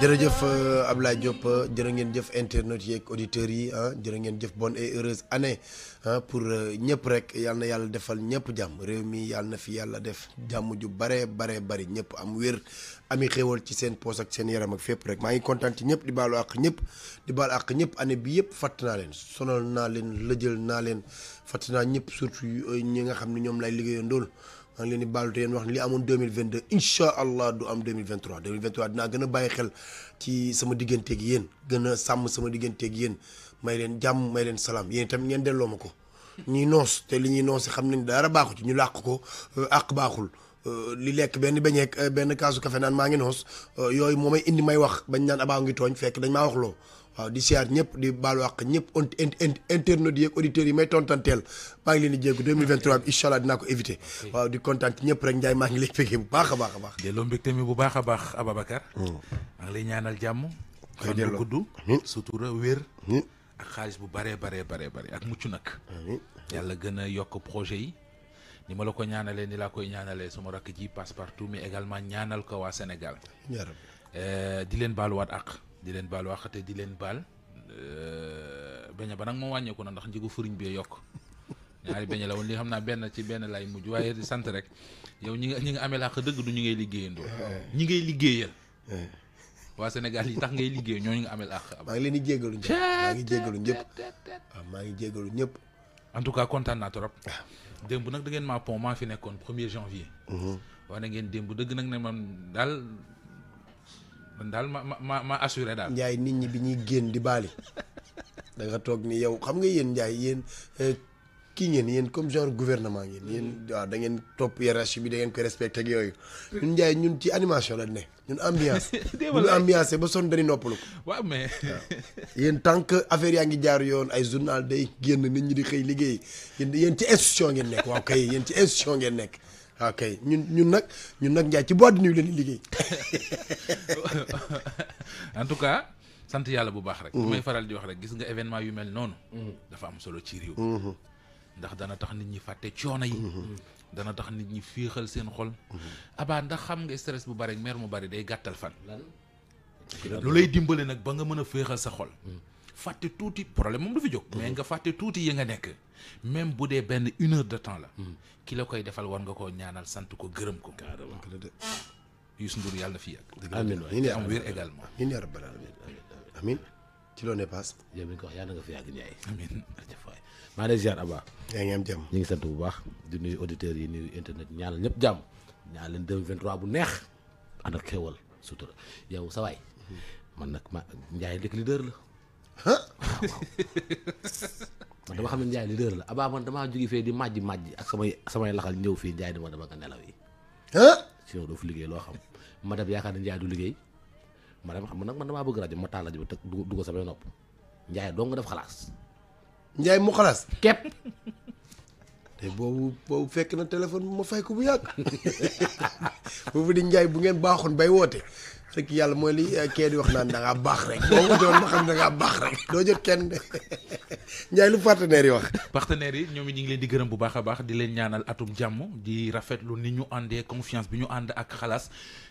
jërëjëf euh, Ablaye Diop euh, jërë ngeen jëf internet yi ak auditeurs yi ah jërë ngeen jëf bon et heureuse année ah pour ñëpp rek yal yàlla defal ñëpp jàmm réew mi yal na fi yàlla def jàmm ju bare bare bari ñëpp am wér ami xéewal ci seen poos ak seen yaram ak fépp rek maa ngi kontaan ci ñëpp di baalo àq ñëpp di baal àq ñëpp année bi yëpp fàtt naa leen sonal naa leen lëjël naa leen fatt naa ñëpp surtout ñi nga xam ni ñoom lay liggéeyandool maa ngi leen di baalu te yéen wax ne li amoon 2022 incha allah du am 2023 2023 dinaa gën a bàyyi xel ci sama digganteeg yéen gën a sàmm sama digganteeg yéen may leen jàmm may leen salaam yéen itam ngeen delloo ma ko ñuy noos te li ñuy noos xam nañ daara baaxu ci ñu làq ko euh, àq baaxul euh, li lekk benn beñeek euh, benn kaasu kafe naan maa ngi noos yooyu moo may indi may wax bañ naan abaa ngi tooñ fekk dañ maa wax loo waaw di siyaar ñëpp di baalu àq ñëpp internautes yi ak auditeurs yi may tontanteel maa ngi leen di jéggu 2023 bi incha allah dinaa ko éviter waaw di kontaan ñëpp rek Ndiaye maa ngi lay fekkee bu baax a baax a baax delloo mbégte mi bu baax a baax hmm. maa ngi lay ñaanal jàmm fan bu gudd sutura wér ak xaalis bu baree baree baree bare ak mucc nag yàlla gën a yokk projet yi ni ma la ko ñaanalee ni laa koy ñaanalee suma rakk ji passe partout mais également ñaanal ko waa Sénégal eh, di leen baaluwaat àq di leen baal waxate di leen baal euh, beñe ba nag moo wàññeeku na ndax njëgu furiñ bee yokk ñaari beñe la woon li xam naa benn ci benn lay mujj waaye di sant rek yow ñi nga ñi nga amee la dëgg du ñu ngay liggéeyandoo eh. ñi ngay liggéeyal eh. waa Sénégal yi tax ngay liggéey ñooñu nga amel àq. maa ngi leen di jégalu ñëpp maa ngi jégalu ñëpp ah, maa ngi jégalu ñëpp. en tout cas kontaan naa trop. Ah. démb nag da ngeen maa pont maa fi nekkoon premier janvier. Mhm. wax na démb dëgg nag ne man daal. man daal ma ma ma assuré daal. Ndiaye nit ñi bi ñuy génn di baali da nga toog nii yow xam nga yéen Ndiaye yéen eh, kii ngeen yéen comme genre gouvernement ngeen yéen waaw da ngeen topp hiérarchie bi da ngeen ko respecté ak yooyu ñun Ndiaye ci animation la ne ñun ambiance. ñun ambiance ba sonn dañuy noppalu ko. waaw mais. yéen tant que affaire yaa ngi jaar yoon ay journal day génn nit ñi di xëy liggéey yéen ci institution ngeen nekk waaw kay yéen ci institution ngeen nekk. ok ah, ñun ñun nag ñun nag Ndiaye ci boîte de nuit la liggéey. en tout cas sant yàlla bu baax rek. bu mm-hmm. may faral di wax rek gis nga événement yu mel noonu. Mm-hmm. dafa am solo ci réew. Mm-hmm. ndax dana tax nit ñi fàtte coono yi. dana tax nit ñi féexal seen xol. abaa ndax xam nga stress bu bari ak mer mu bari day gàttal fan. lu lay dimbale nag ba nga mën a féexal sa xol. fàtte tuuti problème moom du fi jóg. Mm-hmm. mais nga fàtte tuuti yi nga nekk. même bu dee benn une heure de temps la. Mm-hmm. kilo koy defal war nga koo ñaanal sant ko gërëm ko. carrément Youssou Ndour yàlla na fi yàgg. amiin waaw ñu ngi am wér également. ñu ngi rabbal aalamiin amiin ci loo ne paas. ko wax yàlla nga fi yàgg Ndiaye. amiin jërëjëf waay maa ngi lay ziar yaa ngi am jàmm ñu ngi sant bu baax di nuyu auditeurs yi nuyu internet ñaanal ñëpp jàmm ñaanal leen 2023 bu neex ànd ak wal sutura yow sa waay mm-hmm. man nag ma Ndiaye dëkk leader la man dama xam ne Ndiaye leader la abaa man damaa jóge fee di màjj màjj ak samay samay laxal ñëw fii Ndiaye dama dama nga nelaw yi. sinon doo fi liggéey loo xam madame yaakaar ne Ndiaye du liggéey madame nag man damaa bëgg rajo ma rajo bi te du ko def xalaas. Ndiaye mu xalaas képp. te boobu boobu fekk na téléphone bi ma fay ko bu yàgg. boobu di Ndiaye bu ngeen baaxoon bay woote. fekk yàlla mooy li eh, kee di wax naan da ngaa baax rek boo ko doon xam da ngaa baax rek doo jot kenn de Ndiaye lu partenaires yi wax. partenaires yi ñoom it ñu ngi leen di gërëm bu baax a baax di leen ñaanal atum jàmm di rafetlu ni ñu àndee confiance bi ñu ànd ak xalaas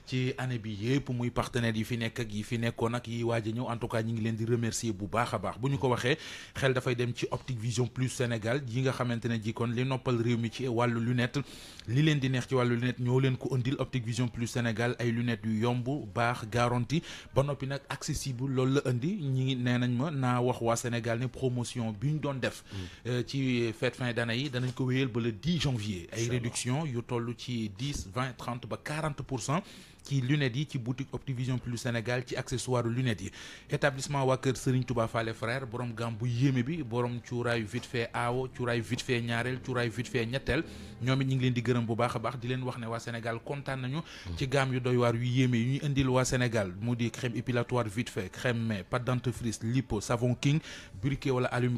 ci année bi yëpp muy partenaires yi fi nekk ak yi fi nekkoon ak yi waaj a ñëw en tout cas ñi ngi leen di remercier bu baax a baax bu ñu ko waxee xel dafay dem ci Optique Vision Plus Sénégal yi nga xamante ne ji kon li noppal réew mi ci wàllu lunette li leen di neex ci wàllu lunette ñoo leen ko indil Optique Vision Plus Sénégal ay lunettes yu yomb baax garantie ba noppi nag accessible loolu la indi ñi ngi nee nañ ma naa wax waa Sénégal ne promotion bi ñu doon def mm. euh, ci fête fin d'année yi danañ ko wéyal ba le 10 janvier ay réduction yu toll ci 10 20 30 ba 40 pour cent ci lunettes yi ci boutique Optivision Plus Sénégal ci accessoire lunettes yi établissement waa kër Serigne Touba frère borom gam bu yéeme bi borom cuuraayu vite fait aawo cuuraayu vite fait ñaareel cuuraayu vite fait ñetteel ñoom ñu ngi leen di gërëm bu baax a baax di leen wax ne waa Sénégal kontaan nañu ci gaam yu doy yu yéeme yu ñuy indil waa Sénégal mu di crème épilatoire vite fait crème mais pâte dentifrice lipo savon king briquet wala allume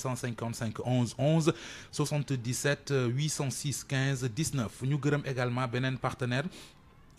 555 11 11 77 806 15 19 ñu gërëm également beneen partenaire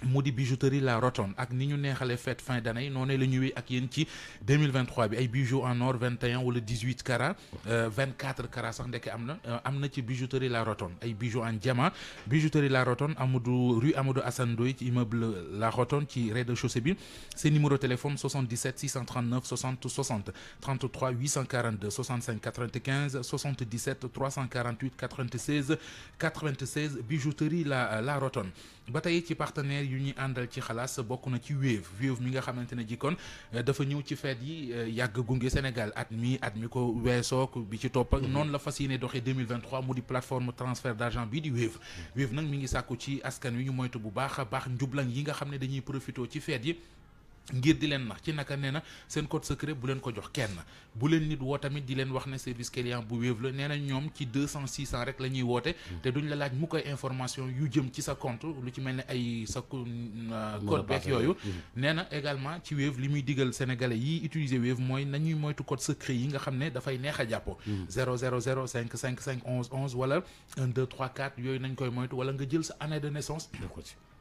mu di bijouterie la Rotonde ak ni ñu neexalee fête fin d'année noonu la ñëwee ak yéen ci 2023 bi ay bijoux en or 21 wala 18 carats 24 euh, carats sax ndeke am na euh, am na ci bijouterie la Rotonde ay bijoux en diamant bijouterie la Rotonde Amadou rue Amadou Assane ci immeuble la Rotonde ci rez de bi seen numéro téléphone 77 639 60 60 33 842 65 95 77 348 96 96 bijouterie la euh, la Rotonde ba ci partenaire yu ñuy àndal ci xalaas bokk na ci Wave Wave mi nga xamante ne ji kon euh, dafa ñëw ci fête yi euh, yàgg gunge Sénégal at mi at mi ko weesook bi ci topp ak mhm. noonu la fas yéene doxee 2023 mu di plateforme transfert d'argent bii di Wave mhm. Wave nag mi ngi sàkku ci askan wi ñu moytu bu baax a baax njublan yi nga xam ne dañuy profité ci fête yi ngir di leen nax ci naka nee na seen code secret bu leen ko jox kenn bu leen nit woo tamit di leen wax ne service client bu Wave la nee na ñoom ci deux cent six cent rek la ñuy woote te duñ la laaj mu koy information yu jëm ci sa compte lu ci mel ne ay sa euh, code beeg yooyu mm-hmm. nee na également ci Wave li muy digal sénégalais yi utiliser Wave mooy nañuy moytu code secret yi nga xam ne dafay neex a jàppo mm-hmm. zéro zéro zéro cinq cinq cinq onze onze wala un deux trois quatre yooyu nañ koy moytu wala nga jël sa année de naissance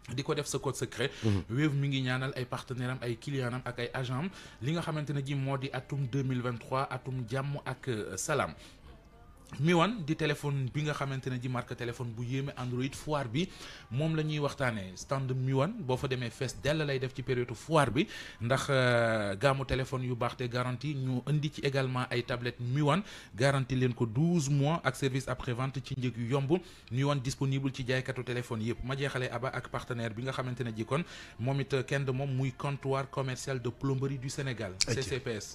di ko def sa code secret. Mhm. Wave mi ngi ñaanal ay partenaire am ay client ak ay agent am li nga xamante ne ji moo di atum deux mille 2023 atum jàmm ak euh, salaam. Miwan di téléphone bi nga xamante ne ji marque téléphone bu yéeme Android foire bi moom la ñuy waxtaanee stand Miwan boo fa demee fees dell lay def ci période foire bi ndax euh, gaamu téléphone yu baax te garanti ñu indi ci également ay tablettes Miwan garanti leen ko 12 mois ak service après vente ci njëg yu yomb Miwan disponible ci jaaykatu téléphone yëpp ma jeexalee Aba ak partenaire bi nga xamante ne ji kon moom it euh, kenn moom muy comptoir commercial de plomberie du Sénégal.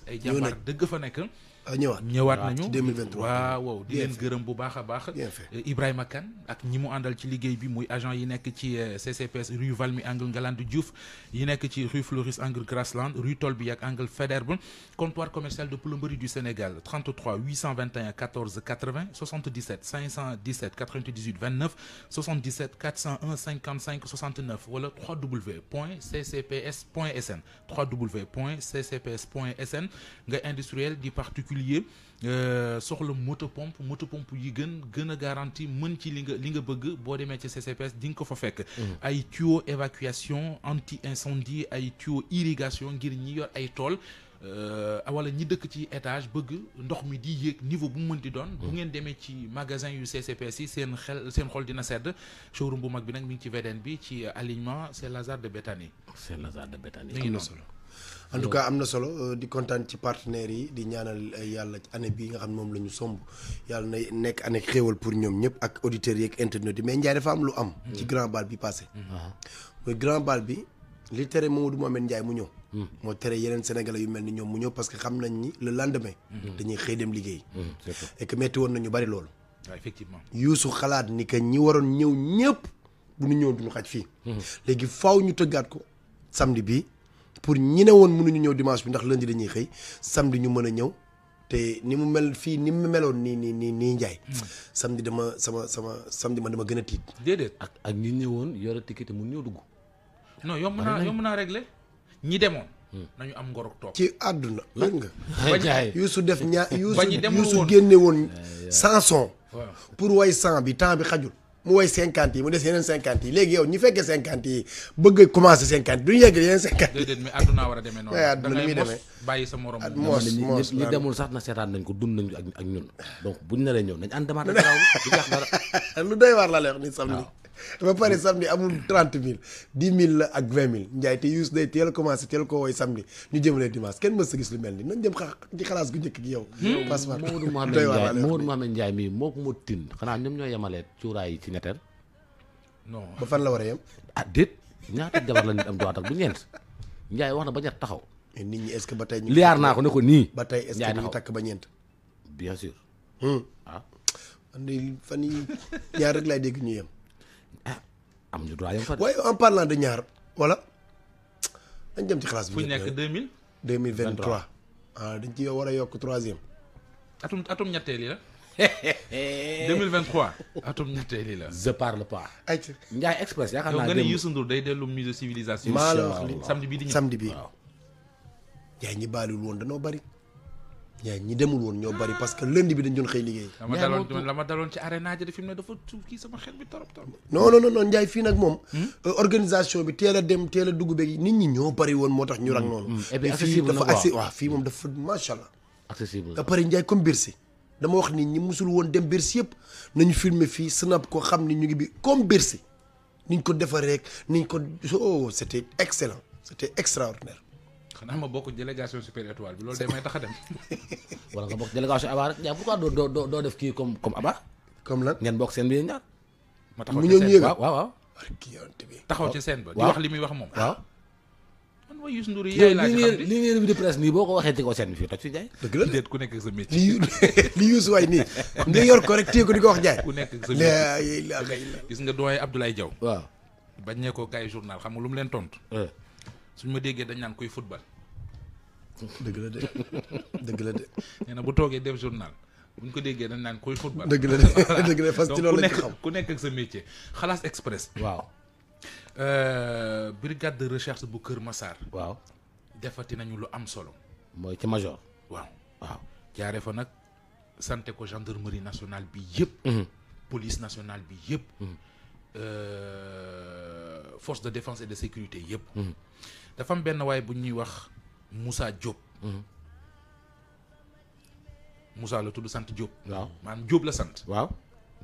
ay jàmbaar dëgg fa nekk. Ah, ñëwaat ñëwaat nañu ci 2023 waaw waaw gërëm bu baax a baax eh, Ibrahima Kane ak ñi mu àndal ci liggéey bi muy agent yi nekk ci eh, CCPS rue Valmy angle Ngalandou Diouf yi nekk ci rue Floris angle Grasland rue Tolbiac angle Faidherbe comptoir commercial de plomberie du Sénégal 33 821 14 80 77 517 98 29 77 401 55 69 wala www.ccps.sn www.ccps.sn nga industriel di particulier particulier euh, soxla moto pompe moto pomp yi gën gën a garanti mën ci li nga li nga bëgg boo demee ci CCPS di nga ko fa fekk mm. ay tuyaux évacuation anti incendie ay tuyaux irrigation ngir ñi yor ay tool euh, wala ñi dëkk ci étage bëgg ndox mi di yéeg niveau bu mu mën di doon mm. bu ngeen demee ci magasin yu CCPS yi seen xel seen xol dina sedd showroom bu mag bi nag mi ngi ci VDN bi ci alignement c'est Lazare de Béthanie c'est Lazare de Béthanie am na solo en tout cas am na solo euh, di kontaan ci partenaires yi di ñaanal euh, yàlla année bi nga xam ne moom la ñu somb yàlla na nekk année xeewal pour ñoom ñëpp ak auditeurs yeeg internautes yi mais Ndiaye dafa am lu am. ci mm. bi passé. mooy mm-hmm. grand bi li tere Mamadou Mouhamed Ndiaye mu ñëw. Mm. moo tere yeneen sénégalais yu mel ni ñoom mu parce que xam nañ ni le lendemain. Mm-hmm. dañuy xëy dem liggéey. Mm, et que metti woon nañu bari loolu. effectivement xalaat ni que ñi waroon ñëw ñëpp bu ñu ñëw duñu xaj fii. Mm-hmm. léegi faaw ñu tëggaat ko samdi bi pour ñi ne woon mënuñu ñëw dimanche bi ndax lundi dañuy xëy samedi ñu mën a ñëw te ni mu mel fii ni mu meloon nii nii nii nii Ndiaye. Hmm. samedi dama sama sama samedi man dama gën a tiit. déedéet ak ak ñi ñëwoon yore ticket mun ñoo dugg. non yomb naa yomb naa réglé ñi demoon. Hmm. nañu am ngorok toog ci àdduna. lan nga yuusu def ñaar yuusu yuusu génne woon. sans son. pour way sans bi temps bi xajul. mu woy cinquante yi mu des yeneen cinquante yi léegi yow ñu fekkee cinquante yi bëgg a commencé cinquante duñu yegg yeneen cinquante yi déedéet àdduna war a demee noonu àdduna mi demee bàyyi sa morom moos li demul sax na seetaan nañ ko dund nañ ko ak ñun donc buñ na leen ñëw nañ ànd demaat lu doy waar la lay wax ni samedi ba pare samedi amul trente mille dix mille la ak vingt mille Ndiaye te Youssou day teel a commencé teel koo woy samedi ñu jëmale dimanche kenn mës a gis lu mel ni nañ jëm xa ci xalaas gu njëkk gi yow. Hmm? passeport moo ko moo tin xanaa ñoom ñoo yemaleet cuuraay yi ci netteel. ba fan la war a yem. ah déet ñaata jabar la nit am doxatak bu ñeent Ndiaye wax na ba ñett taxaw. nit ñi est-ce que ba tey ñu. liyaar naa ko ne ko nii. ba tey est-ce que ñu takk ba ñeent. bien sûr. Hmm. ah. fan yii ñaar rek laay dégg ñu yem Ah, am ñu droit waaye en parlant de ñaar wala dañ jëm ci xalaas bi. nekk deux mille. deux mille vingt trois ah, dañ ci war a yokk troisième. atum atum ñetteel yi la. 2023 atum ñetteeli la. je parle pas. ayca Ndiaye Express yaakaar naa. démb nga ne Youssou Ndour day dellu musée civilisation. maa la wax li samedi bii di ñëw samedi bii. waaw. ñi baalul woon danoo bari. ñaar ñi demul woon ñoo bari parce que lundi bi dañ doon xëy liggéey. la ma daloon ci arena ji de fi mu ne dafa tuuf kii sama xel bi torop torop. non non fii nag moom. Hmm? Euh, organisation bi teel a dem teel a dugg beeg nit ñi ñoo bari woon moo tax ñu rang hmm, noonu. Hmm. et eh puis accessible na waaw fii dafa waaw fii moom dafa macha allah. accessible na dama wax ni ñi musul woon dem Bercy yëpp nañu filmer fii snap ko xam ni ñu ngi bi comme Bercy ñu ko defaree rek ñu ko oh c'était excellent c'était extraordinaire xanaa ma bokk délégation super étoile bi loolu de may tax a dem. wala nga bokk délégation Aba rek yaa pourquoi doo doo doo def kii comme comme Aba. comme ngeen bokk seen biir ñaar. ma taxaw ci seen waaw waaw. taxaw ci seen ba li muy wax moom. waaw. man mooy Youssou Ndour boo ko waxee ci seen fi jaay. dëgg la déet ku nekk sa métier. yor ko rek téye ko di ko wax jaay. ku nekk sa métier gis nga doyen Abdoulaye Diaw. waaw bañ ne ko kaay journal xam nga lu mu leen tontu. Eh. suñ ma déggee dañ naan kuy football. dëgg la de dëgg la de. nee na bu toogee def journal buñ ko déggee dañ naan kuy football. dëgg la de dëgg loolu lañ xam ku nekk ak sa métier xalaas express. waaw. Euh, brigade de recherche bu Kër masar waaw defati nañu lu am solo. mooy ci major. waaw waaw fa nag sante ko gendarmerie nationale bi yëpp. Mhm. police nationale bi yëpp. Mhm. Euh, force de défense et de sécurité yëpp. Mhm. dafa am benn waay bu ñuy wax Moussa Diop. Mhm. Moussa la tudd sant Diop. waaw maanaam Diop la sant. waaw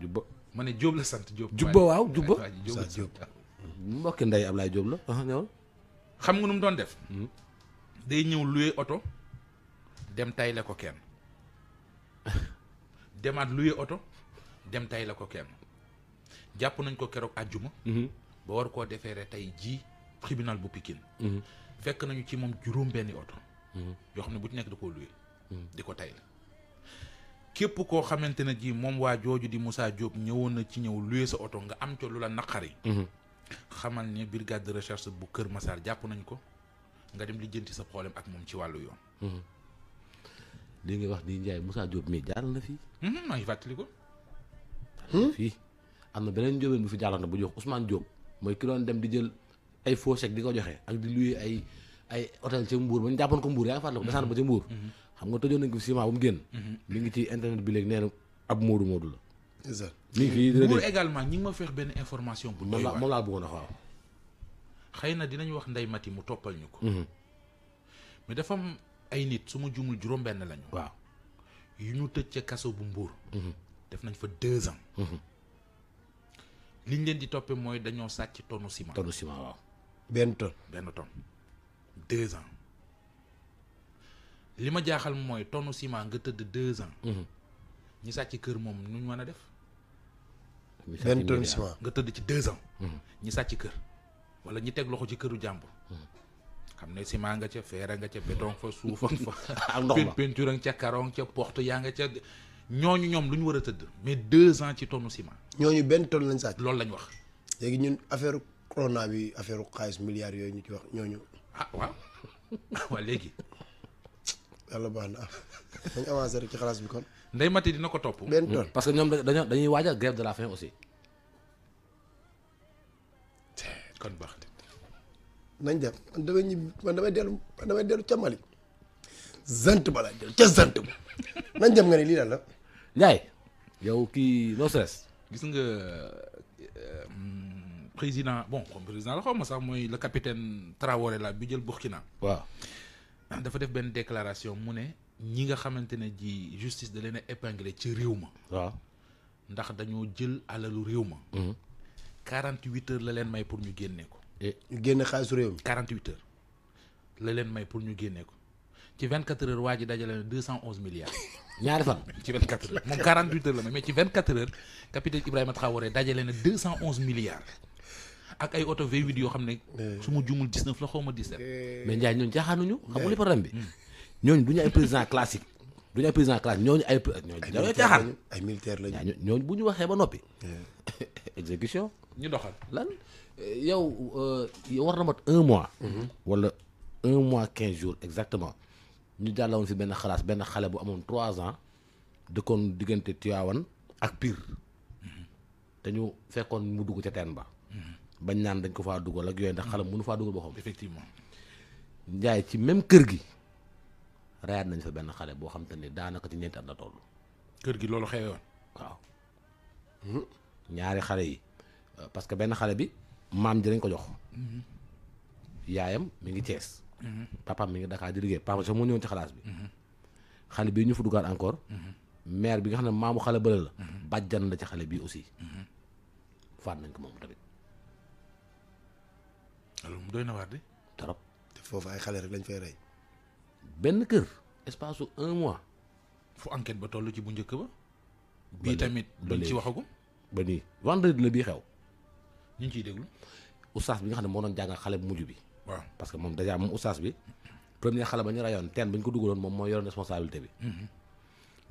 jubba ma ne Diop la sant jóob jubba waaw jubba Moussa Diop mhm. mbokki ndey Ablaye Diop la xam nga nu mu doon def. Mhm. day ñëw loué oto dem tay la ko kenn demaat loué oto dem tay la ko kenn jàpp nañ ko keroog àjjuma. ba war koo defeere tey jii. tribunal bu Pikine. Mhm. fekk nañu ci moom juróom-benni oto. Mhm. yoo xam ne bu ci nekk da koo luwe. Mhm. di ko tayal képp koo xamante ne ji moom waa jooju di musaa jóob ñëwoon na ci ñëw luwe sa oto nga am ca lu la naqari. xamal ne brigade de recherche bu Kër Massar jàpp nañ ko nga dem lijjanti sa problème ak moom ci wàllu yoon. li nga wax di Ndiaye Moussa mii jaar na fi. maa ngi fàttali ko. fii am na beneen njóobeen bu fi jaaroon na bu ñuy wax Ousmane mooy ki doon dem di jël. ay faux chèque di ko joxe ak di luy ay ay hôtel ci Mbour ba ñu jàppoon ko mbuur yaa ngi fàttaliku descente ba ci Mbour mm-hmm. xam nga tëjoon nañ ko fi ciment bu mu génn mm-hmm. bi léegi nee na ab Modou la exact ñi ngi ma feex benn information bu moom laa bëggoon a xëy na dinañ wax Ndeye Mati mu toppal ñu ko mm-hmm. mais dafa am ay nit su ma jumul juróom-benn lañu waaw yu ñu tëj ca kaso bu mbuur def nañ fa deux ans liñ leen di toppee mooy dañoo sàcc tonu ciment tonu ciment waaw benn tonne benn tonne deux ans li ma jaaxal mooy tonne ciment nga tëdd deux ans. Mhm. ñi sàcc kër moom nu mën a def. benn tonne ciment nga tëdd ci deux ans. Mhm. ñi sàcc kër wala ñi teg loxo ci këru jàmbur. Mhm. xam ne ciment nga ca feera nga ca béton fa suuf fa. ak ndox ma peinture ca karoon ca yaa nga ca ñooñu ñoom lu ñu war a tëdd mais deux ans ci tonne ciment. ñooñu benn tonne lañ sàcc. loolu lañ wax. léegi ñun affaire corona bi affaire xaalis milliards yooyu ñu ci wax ñooñu. ah waaw ah, waaw léegi. yàlla baax na dañu avancé rek ci xalaas bi kon. Ndeye Mati dina ko topp. benn tool parce que ñoom dañoo dañuy waajal grève de la faim aussi. kon baax nañ dem man damay ñibbi man damay dellu man damay dellu ca Mali. zant ba laa yow kii no stress. gis nga. président bon comme président la xaw ma sax mooy le capitaine Traoré la bi jël Burkina. waaw dafa def benn déclaration mu ne ñi nga xamante ne ji justice da leen a ci réew ma. waaw ndax dañoo jël alalu réew ma. 48 mhm. heures la leen may pour ñu génne ko. ñu génne xaalisu réew mi. 48 heures la leen ñu génne ko ci 24 heures waa ji dajale na 211 milliards. ñaari fan ci 24 heures moom 48 heures la mais ci 24 heures capitaine Ibrahima Traoré dajale na 211 milliards. ak ay oto v yoo xam ne. Eh. su ma jumul 19 la xaw ma 17. Eh. mais Ndiaye ñooñu jaaxaanuñu. xam nga li eh. problème bi. Hmm. ñooñu du ñu ay président classique. du ñu ay président classique ñooñu ay. ay ñooñu jaaxaan ay militaire ñooñu bu ñu waxee ba noppi. exécution. ñu doxal lan yow euh, war na mat mois. Mhm. wala mois quinze jours exactement. ñu jàllawoon fi benn xalaas benn xale bu amoon trois ans dëkkoon diggante Tivaouane ak Pire mhm. te ñu fekkoon mu dugg ca teen ba mhm. bañ naan dañ ko faa dugal ak yooyu ndax xalam mënu faa dugal boppam effectivement njaay ci même kër gi rayaat nañ fa benn xale boo xam te daanaka ci ñeenti at la toll kër gi loolu xewoon waaw ñaari xale yi parce que benn xale bi maam ji dañ ko jox yaayam mu ngi Thiès papaam mi ngi Dakar di liggéey papa sax moo ñëwoon ci xalaas bi xale bii ñu fa dugaat encore maire bi nga xam ne maamu xale bële la mhm. bàjjan la ci xale bii aussi mhm. faat nañ ko moom tamit doy na waar di trop foofu ay xale rek lañ fay rey benn kër espace su un mois fu enquête ba toll ci bu njëkk ba bii tamit duñ ci ko ba nii vendredi la bii xew ñu ngi ciy déglu oustaz bi nga xam ne moo doon jàngal xale bu mujj bi waaw parce que moom dèjà moom oustaz bi premier xale ba ñu rayoon teen ba ñu ko dugaloon moom mooy yoroon responsabilité bi mhm.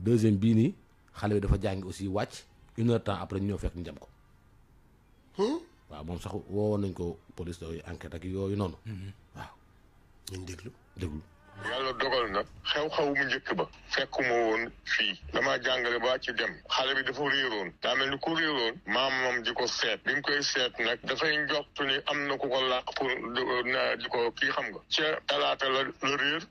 deuxième bii nii xale bi dafa jàngi aussi wàcc une heure temps après ñu ñëw fekk ñu jam ko waaw moom sax woowoon nañ ko police yooyu enquête ak yooyu noonu mm-hmm. waaw. nañ déglu déglu. yàlla dogal na xew-xew mu njëkk ba fekkuma woon fii damaa jàngale baa ci dem xale bi dafa réeroon daa mel ni ku réeroon moom di ko seet bi mu koy seet nag dafay njortu ni am na ku ko làq pour euh, na di ko kii xam nga ca talaata la la réer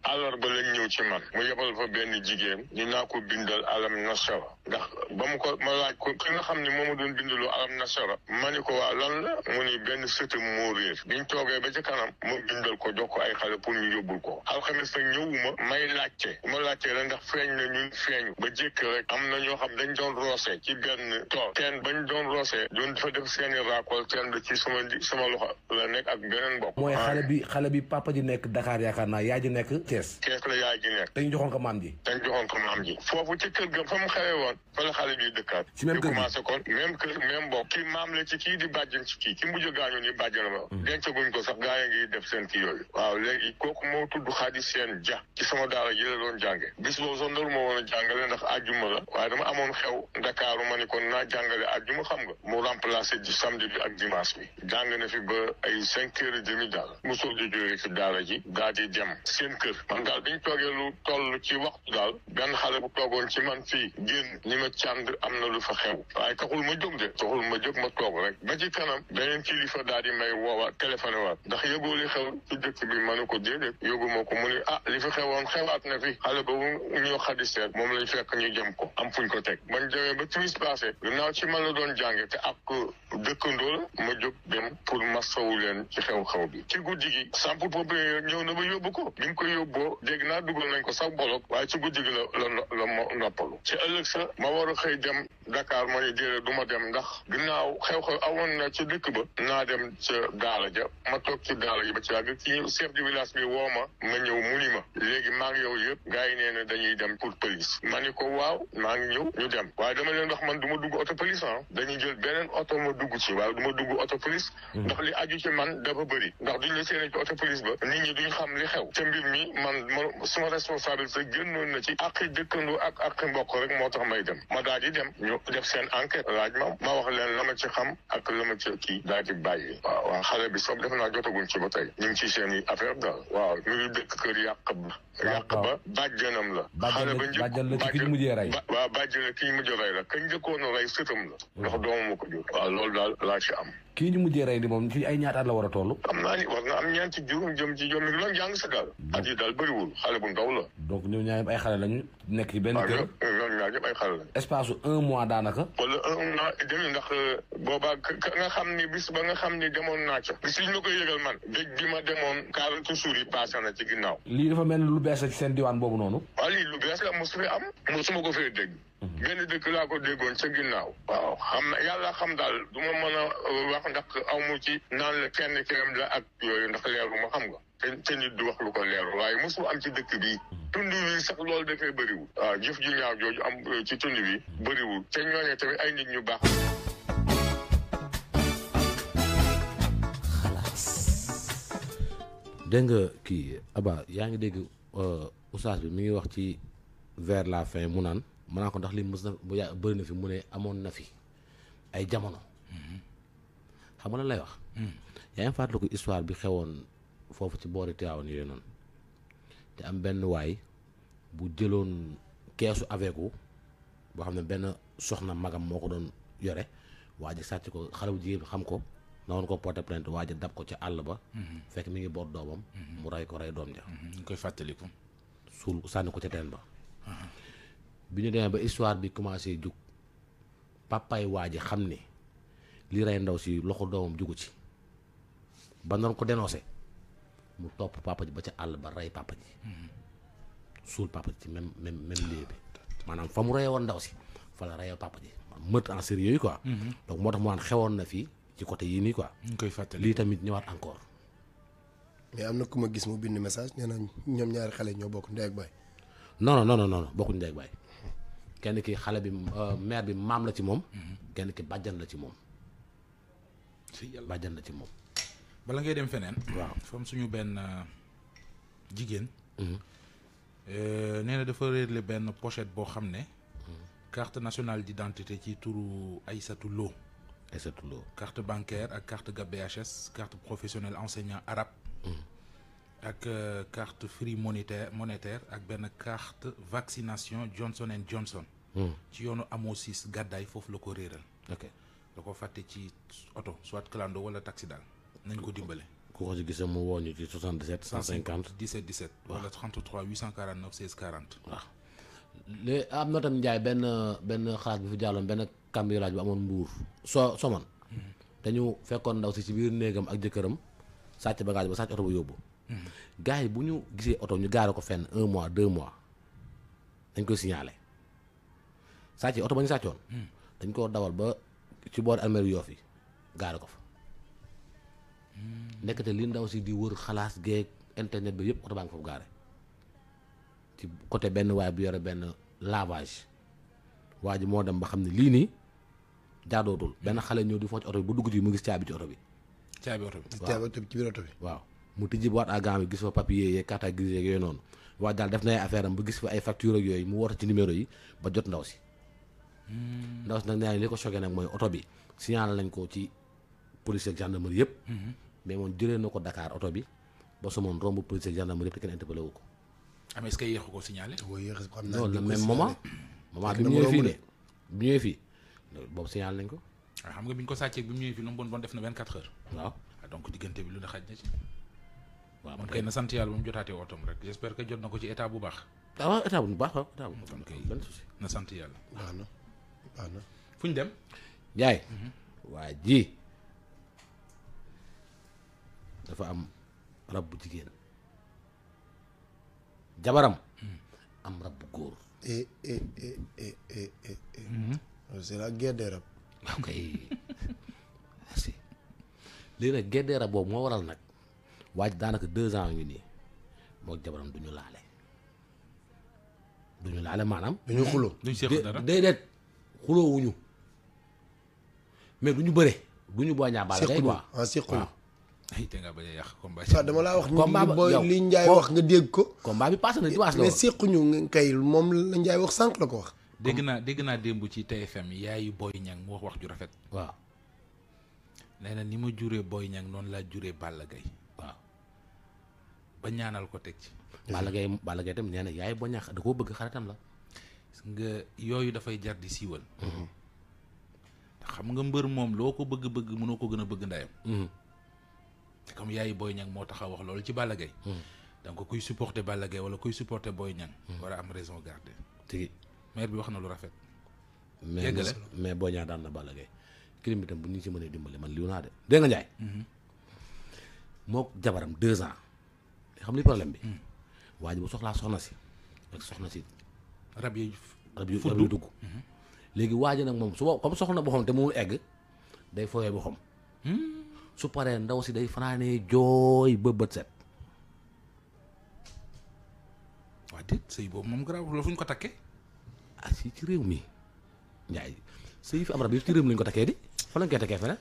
ba lañ ñëw ci man mu yebal fa benn jigéen ni naa ko bindal alam nasara ndax ba mu ko ma laaj ko ki nga xam ne moom ma doon bindaloo alam nasara ma ni ko waa lan la mu ni benn sëtam moo réer biñ toogee ba ci kanam mu bindal ko jox ay xale pour ñu yóbbul ko fa ñëwuma may laajte ma laajte la ndax feeñ na ñun feeñu ba jékk rek am na ñoo xam dañ doon roose ci benn tool teen bañ doon roose doon dafa def seen i récolte teen ba ci sama sama loxo la nekk ak bi xale bi papa ji nekk Dakar yaakaar naa yaay ji nekk Thiès Thiès la yaay ji nekk dañ joxoon ko maam ji dañ joxoon ko maam ji foofu ci kër ga fa mu xewee kii ki mujj gaañoon yi bàjjen ma mm. dencaguñ ko sax gaa ngi def seen kii yooyu waaw léegi kooku moo tudd xaadi seen Lamine Dia ci sama daara ji la doon jànge bis boobu sax ndaru ma woon a jàngale ndax àjjuma la waaye dama amoon xew Ndakaaru ma ni kon naa jàngale àjjuma xam nga mu remplacer di samedi bi ak dimanche bi jàng na fi ba ay cinq heures et demi daal mosul di jógee ci daara ji daal dem seen kër man daal biñ toogee lu toll ci waxtu daal benn xale bu toogoon ci man fii génn ni ma cànd am na lu fa xew waaye taxul ma jóg de taxul ma jóg ma toog rek ba ci kanam beneen kilifa daal di may woowaat téléphoné waat ah li fi xewoon xewaat na fi xale boobu ñoo xadi seet moom lañ fekk ñu jëm ko am fuñ ko teg bañ jëmee ba timis passé gannaaw ci man la doon jànge te ak dëkkandoo la ma jóg dem pour masawu leen ci xew-xew bi ci guddi gi samp pope ñëw na ba yóbbu ko bi mu ko yóbboo dégg naa dugal nañ ko sax bolog waaye ci guddi gi la la la noppalu ci ëllëg sa ma war a xëy dem Dakar ma ne déedéet du ma dem ndax ginnaaw xew-xew awoon na ci dëkk ba naa dem ca daala ja ma toog ci daala ji ba ci yàgg ci chef du village bi woo ma ma ñëw mu ni ma léegi maa ngi yow yëpp gars yi nee na dañuy dem pour police ma ni ko waaw maa ngi ñëw ñu dem waaye dama leen ndax man du ma dugg auto police ah dañuy jël beneen oto ma dugg ci waaye du ma dugg auto police hmm. ndax li aju ci man dafa bëri ndax duñ la séenee ci auto police ba nit ñi duñ xam li xew ca mbir mi man ma suma responsabilité génnoon na ci ak dëkkandoo ak ak mbokk rek moo tax may dem ma daal di dem ñu def seen enquête laaj ma ma wax leen la ma ci xam ak la ma ci kii daal di bàyyi waaw xale bi soob def naa jotaguñ ci ba tey ñu ngi ci seen i affaire daal waaw ñu ngi dëkk kër yàq ba yàq ba bàjjanam la xale ba njëkk bàjjan la ki ñu mujjee rey waaw bàjjan la ki ñu mujjee rey la kañ njëkkoon rey sëtam la ndax doomamu ko jur waaw loolu daal laa ci am kii ñu mujjee rey di moom ci ay ñaata la war a toll. am naa ni war na am ñaan ci juróom ci juróom la jàng sa daal. at yi daal bëriwul xale bu ndaw la. donc ñoom ñaar ay xale lañu nekk ci benn kër. ñoom ñaar ñëpp ay xale lañu. espace su un mois daanaka. wala un mois demi ndax euh, boobaa ka nga xam ni bis ba nga xam ni demoon naa ca. bis yi ñu koy yëgal man. dëj bi ma demoon quarante jours yi passé na ci ginnaaw. lii dafa mel ni lu bees la ci seen diwaan boobu noonu. waaw lii lu bees la mos fi ko fee benn mhm. dëkk laa ko déggoon ca ginnaaw. waaw xam na yàlla xam daal du ma mën a euh, wax ndax amu ci naan la kenn kenn la ak yooyu ndax leeru ma xam nga. te te nit du wax lu ko leeru waaye mosul am ci dëkk bi mhm. tund wi sax loolu dafay bëriwul. waaw jëf ju ñaaw jooju am euh, ci tund bi mhm. bëriwul te ñooñu tamit ay nit ñu baax. dégg nga kii Aba yaa ngi dégg euh, oustaz bi mi ngi wax ci ver la fin mu naan. mën naa ko ndax li mës bu yà bëri na fi mu ne amoon na fi ay jamono xam nga lan lay wax yaa ngi fàttaliku histoire bi xewoon foofu ci boori Tiwaawan yooyu noonu te am benn waay bu jëloon keesu avec boo xam ne benn soxna magam moo ko doon yore waa ji sàcc ko xale bu jigéen xam ko na woon ko porter plainte waa ji dab ko ca àll ba fekk mi ngi boot doomam mu ray ko rey doom ja ñu koy fàttaliku suul sànni ko ca teen ba bi ñu demee ba histoire bi commencé jug papaay waa ji xam ni li rey ndaw si loxo doomam jugu ci ba noonu ko dénoncé mu topp papa ba ca àll ba rey papa ji suul papa ci même même même lieu bi maanaam fa mu reyee woon ndaw si fa la reyee papa ji meurtre en série yooyu quoi. Mm-hmm. donc moo tax mu waan xewoon na fii ci côté yii nii quoi. ñu koy fàttali lii tamit ñëwaat encore. mais am na ku ma gis mu bind message nee na ñoom ñaari xale ñoo bokk ndey ak baay. non non non non kenn ki xale bi euh, mère bi maam la ci moom. Mhm. kenn ki bàjjan la ci moom. si yàlla bàjjan la ci moom. bala ngay dem feneen. waaw fam suñu benn euh, jigéen. Mhm. Euh, nee na dafa réerle benn pochette boo xam ne. Mhm. carte nationale d'identité ci turu ay Lo. Aïssatou Lo carte bancaire ak carte GAB BHS carte professionnelle enseignant arab ak euh, carte free monétaire monétaire ak benn carte vaccination Johnson and Johnson. Hmm. ci yoonu amoo siis gàddaay foofu la ko réeral. ok da ko fàtte ci oto soit clando wala taxi daal nañ ko dimbale. ku ko ci gisee mu woo ñu ci 77. 150 17 17. waaw wala 33 849 16 40. waaam léegi am na tam Ndiaye benn benn xalaat bi fu jàlloon benn cambriolage bu amoon mbuur so soman hmm. dañu fekkoon ndaw si ci biir néegam ak jëkkëram sàcc bagage ba sàcc oto ba yóbbu. Mm-hmm. gars yi bu ñu gisee oto ñu gaare ko fenn un mois de mois dañ koy signalé sàcc oto ba ñu sàccoon. Mm-hmm. dañ koo dawal ba ci boori almeer Yoff yi gaare ko fa. Mm-hmm. nekkate li ndaw si di wër xalaas geeg internet bi yëpp oto baa ngi foofu gaare ci côté benn waaye bu yore benn lavage waa ji moo dem ba xam ne lii nii jaadootul benn xale ñoo di foo ci oto bi ba dugg ci mu gis caabi ci oto bi. caabi oto bi ci biir oto bi waaw. mu tijji boîte à gants bi gis fa papier yeeg carte grise yeeg yooyu noonu waaye daal def na ay affaire am ba gis fa ay facture ak yooyu mu woote ci numéro yi ba jot ndaw si. Hmm. ndaw si nag nee li ko choqué nag mooy oto bi signalé nañ ko ci police ak gendarmerie yëpp. Hmm. mais moom jëlee na ko Dakar oto bi ba su ma romb police ak gendarmerie yëpp te kenn interpellé wu ko. ah mais est-ce que yéexu ko signalé. waaw yéex xam naa loolu la même moment. moment bi mu ñëwee fii de bi ñëwee fii boobu signalé nañ ko. waaw ah, xam nga bi ñu ko sàccee bi mu ñëwee fii lu mu bon bon def na 24 heures. waaw ah, donc diggante bi lu ne xaj na ci. waaw man kay na sant yàlla ba mu jotaatee otoom rek j'espère que jot na ko ci état bu baax. ah waaw état bu baax waaw état bu baax. na sant yàlla. baax na baax na. fu ñu dem. Ndiaye. Mhm. waa ji dafa am rab bu jigéen. jabaram. Hmm. am rab bu góor. eh eh eh eh eh eh. eh. Mhm. c'est la guerre des rab. waaw kay merci léegi nag guerre des rab boobu moo waral nag. waaj daanaka deux ans ngi nii moo jabaram du ñu laale du ñu laale maanaam. dañoo xuloo duñ seq dara déedéet xuloo wuñu mais du ñu bëre du ñu booñaa baal. day quoi ah sequñu ay te nga bañ a yàq combat bi. dama laa wax ñu booy li Ndiaye wax nga dégg ko. combat bi passé na dimanche la mais sequñu kay moom la Ndiaye wax sànq la ko wax. dégg naa dégg naa démb ci TFM yaayu Boy Niang mu wax wax ju rafet. waaw nee na ni ma juree booy Niang noonu laa juree Balla Gaye ba ñaanal ko teg ci. Balla Gaye Balla Gaye tamit nee na yaay boo ñaax da koo bëgg xaritam la. nga yooyu dafay jar di siiwal. Mm-hmm. xam nga mbër moom loo ko bëgg bëgg mënoo ko gën a bëgg ndayam. Mm-hmm. comme yaay Boy Niang moo tax wax loolu ci Balla Gaye. Mm-hmm. kuy supporter Balla Gaye wala kuy supporter booy Niang. war a am raison garder. tigi maire bi wax na lu rafet. mais mais Boy Niang daan na Balla Gaye. bi tam bu ñu ci mënee dimbali man liw naa de dégg nga Ndiaye. mook jabaram deux ans. xam ni problème bi. waaj ji bu soxlaa soxna si rek soxna si. rab yi rab yu rab yu dugg. léegi waa nag moom su comme soxna boo xam te mu egg day fooyee boo su paree ndaw si day fanaanee jooy ba bët set. waa déet sëy boobu moom garaaw la fu ñu ko takkee. ah si ci réew mi Ndiaye sëy fi am rab yi ci réew mi lañ ko takkee di fa lañ koy takkee feneen.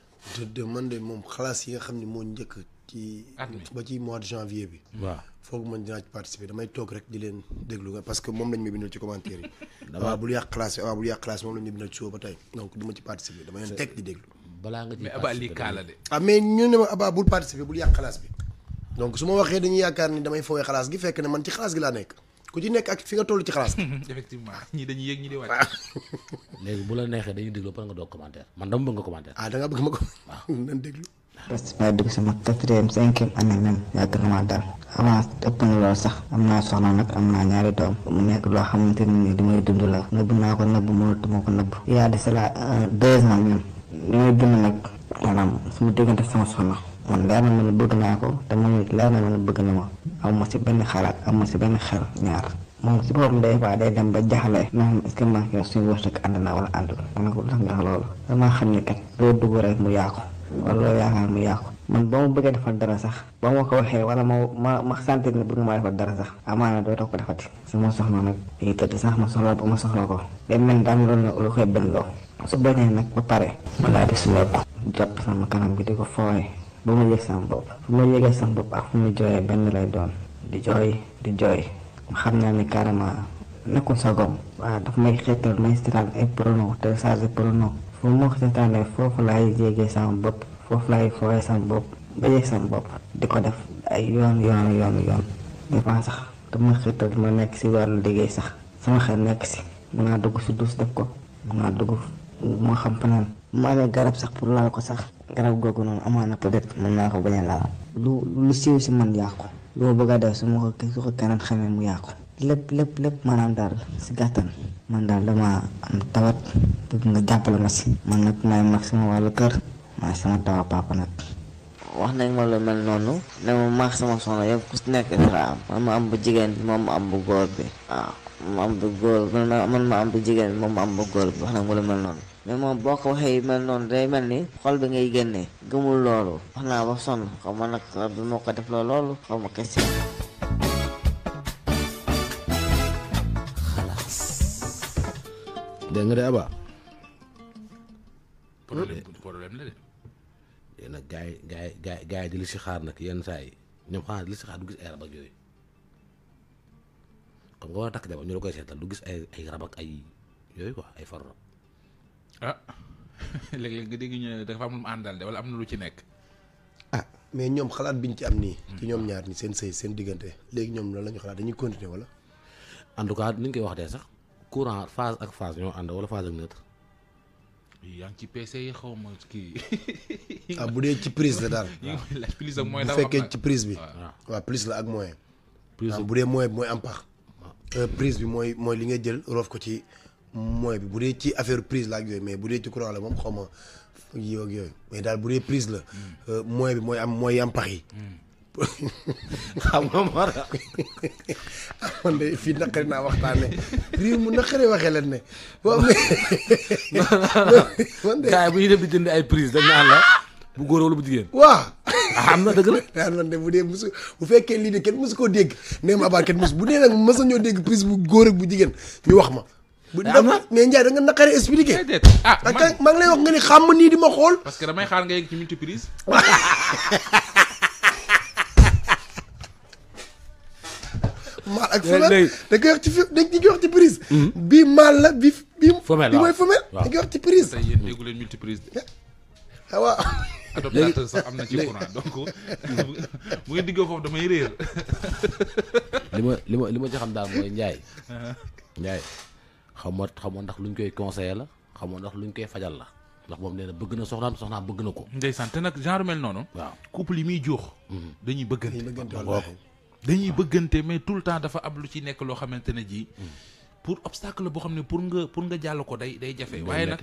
de man de moom xalaas yi nga xam ne moo njëkk. ci ba ci mois de janvier bi waaw foog man dinaa ci participer damay toog rek di leen déglu nga parce que moom lañ ma bindal ci commentaire yi awaa teg di déglu balaa nga mais kaala de ah ñu ne ma Aba bul participer bul yàq classe bi donc su ma waxee dañuy yaakaar ni damay foowee xalaas gi fekk ne man ci xalaas gi laa nekk ku ci nekk ak fi nga toll ci xalaas effectivement ñi dañuy yéeg ñi di wàcc léegi bu la neexee dañuy déglu par nga doog ah, ma ko respect dugg sama quatrième cinquième année même yàgg na maa dal avant ëpp na sax am naa soxna nag am naa ñaari doom mu nekk loo xamante ne nii li may dund la nëbb naa ko nëbb mënatuma ko nëbb il y a de cela euh, deux ans même li may dund nag maanaam sama diggante sama soxna man leer na ma ne bëgg naa ko te moom it leer na ma ne bëgg na ma am ma si benn xalaat am ma si benn xel ñaar moom si boppam day waa day dem ba jaxle ma xam est-ce que man suñu wërsëg ànd na wala àndul ma ne ko tax nga loolu xam ne kat loo dugg rek mu yaa ko wala loo yaakaar mu yàqu man ba ma bëggee defal dara sax ba ma ko waxee wala ma ma ma sentir ne bëgg maa defal dara sax amaana dootoo ko defati sama soxna nag day tëdd sax ma soxla ba ma soxla ko day mel daam loolu ne lu koy loo su benee nag ba pare ma daal di sumeeku jàpp sama kanam bi ko fooye ba ma yëg sama bopp fu ma yëgee sama bopp ak fu mu di jooy di jooy xam naa ne carrément nekkul sa gom waaw daf may xeetal may sitaal ay prono te chargé prono foo ma ko seetaanee foofu laay yéegee sama bopp foofu laay fooyee sama bopp béyee sama bopp di ko def ay yoon yoon yoon yoon des sax dama xiital ma nekk si wàllu liggéey sax sama nekk si mun naa dugg si duus def ko mun naa dugg moo xam fanaan ma amee garab sax pour laal ko sax garab googu noonu amaana peut-être mën naa ko bañ a lu lu siiw si man yàqu lu ma bëgg a def su ma ko su ko keneen xamee mu yàqu lépp lépp lépp maanaam daal si gàttal man daal dama am tawat bëgg nga jàppale ma si man nag maay mag sama wàllu kër maay sama tawa papa nag wax na ma man mel noonu ne ma mag sama soxna yëpp ku si nekk dara am man ma am bu jigéen bi moom ma am bu góor bi waaw ma am bu góor man ma am bu jigéen bi moom am bu góor bi wax nañ ma lu mel noonu moom boo ko waxee mel noonu day mel ni xol bi génnee gëmul loolu wax naa ba sonn xaw ma nag bi moo ko def loolu xaw ma kese dégg nga de Aba. problème problème la de. yéen nag gars yi gars yi gars yi yi di li si xaar nag yenn saa yi ñoom xanaa li si xaar du gis ay rab yooyu comme nga takk jabar ñu la koy du gis ay ay rab ak ay yooyu quoi ay faru rab. ah léeg-léeg nga dégg ñu ne dafa am lu mu àndal de lu ci nekk. ah mais ñoom xalaat biñ ci am nii. Hmm. ñoom ñaar ñi seen sëy seen diggante léegi ñoom loolu la ñu xalaat dañuy continuer wala. en tout cas ni ñu koy wax dee sax. courant phase ak phase ñoo ànd wala phase ak neutre. yaa ngi ci PC yi xaw ma kii. ah bu dee ci prise la daal. prise bu fekkee ci prise bi. waaw prise la ak moyen. Ah, bu dee moyen bi mooy am pax. Euh, prise bi mooy mooy li nga jël roof ko ci moyen bi bu dee ci affaire prise la ak yooyu mais bu dee ci courant la moom xaw ma yow yooyu mais daal bu dee prise la. Hmm. Euh, moyen bi mooy am mooy am pax yi. Hmm. xam nga moo tax man de fii naqari naa waxtaanee réew mu naqari waxee leen ne. waaw mais man de. bu ñuy dem di jënd ay prise dañ naan la bu góor bu jigéen. waaw. Ah, am na dëgg la. daan man de bu dee mosu bu fekkee lii de kenn mosu koo dégg nee ma abaa kenn mosu bu dee nag mos dégg prise bu góor bu jigéen ñu wax ma. bu am na mais Ndiaye da nga naqaree expliqué. ah man maa ngi lay wax nga ni xam nii di ma xool. que damay xaar nga yegg ci multiprise. maal ak eh, femelle dañ koy wax ci dañ koy wax ci prise. Hmm. bii maal la bi bi femelle bi mooy femelle. waaw dañ koy wax ci ah, am na donc bu ngeen diggoo foofu li ma li ma li ma ci xam daal mooy Ndiaye. Ndiaye xamoo xamoo ndax luñ koy conseillé la xamoo ndax luñ koy fajal la. ndax moom nee na bëgg na soxnaam soxnaam bëgg na ko. ndeysaan te nag genre mel noonu. waaw couple yi muy jox. Hmm. dañuy bëggante. dañuy bëggante dañuy bëggante mais tout le temps dafa ab lu ci nekk loo xamante ne jii hmm. pour obstacle boo xam ne pour nga pour nga jàll ko day day jafe. waaye nag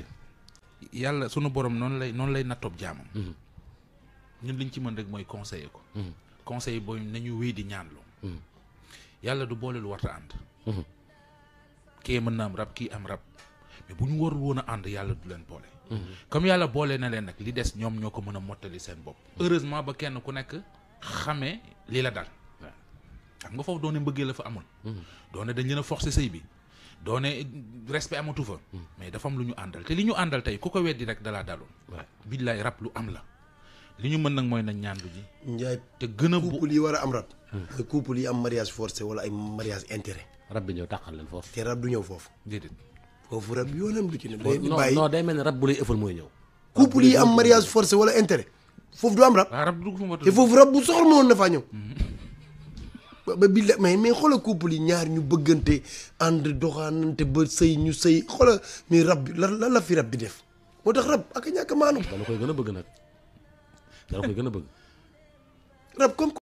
yàlla sunu borom noonu lay noonu lay nattoob jaamam. Hmm. ñun liñ ci mën rek mooy conseiller ko. Hmm. conseiller booy nañu wéy di ñaanlu. yàlla du boole lu war a ànd. kee mën na am rab kii am rab mais bu ñu warul woon a ànd yàlla du leen boole. comme yàlla boole na leen nag li des ñoom ñoo ko mën a mottali seen bopp. heureusement ba kenn ku nekk xamee li la dal. xam nga foofu doone mbëggee la fa amul. Hmm. doone dañ leen a forcer sëy bi. doone respect amatu fa. Hmm. mais dafa am lu ñu àndal te li ñu àndal tey ku ko weddi rek dalaa dalul. waaw billaay la. li ñu mën nag mooy nañ ñaan lu ji. njaay te gën a bu couple yi a am rab. Hmm. mooy couple yi am mariage forcé wala ay mariage intérêt. rab bi ñëw tàqal leen foofu. te rab du ñëw foofu. déedéet foofu rab yoonam du ci ne. day bàyyi non non day mel ne rab bu am rab. waaw ah, rab du ko fa te foofu rab bu soxla mënoon na faa ñëw. ba bi la mais mais xoola couple yi ñaar ñu bëggante ànd doxaanante ba sëy ñu sëy xoola mais rab bi lan lan la fi rab bi def moo tax rab ak a ñàkk maanu. dala koy gën a bëgg nag dala koy gën a bëgg. rab comme.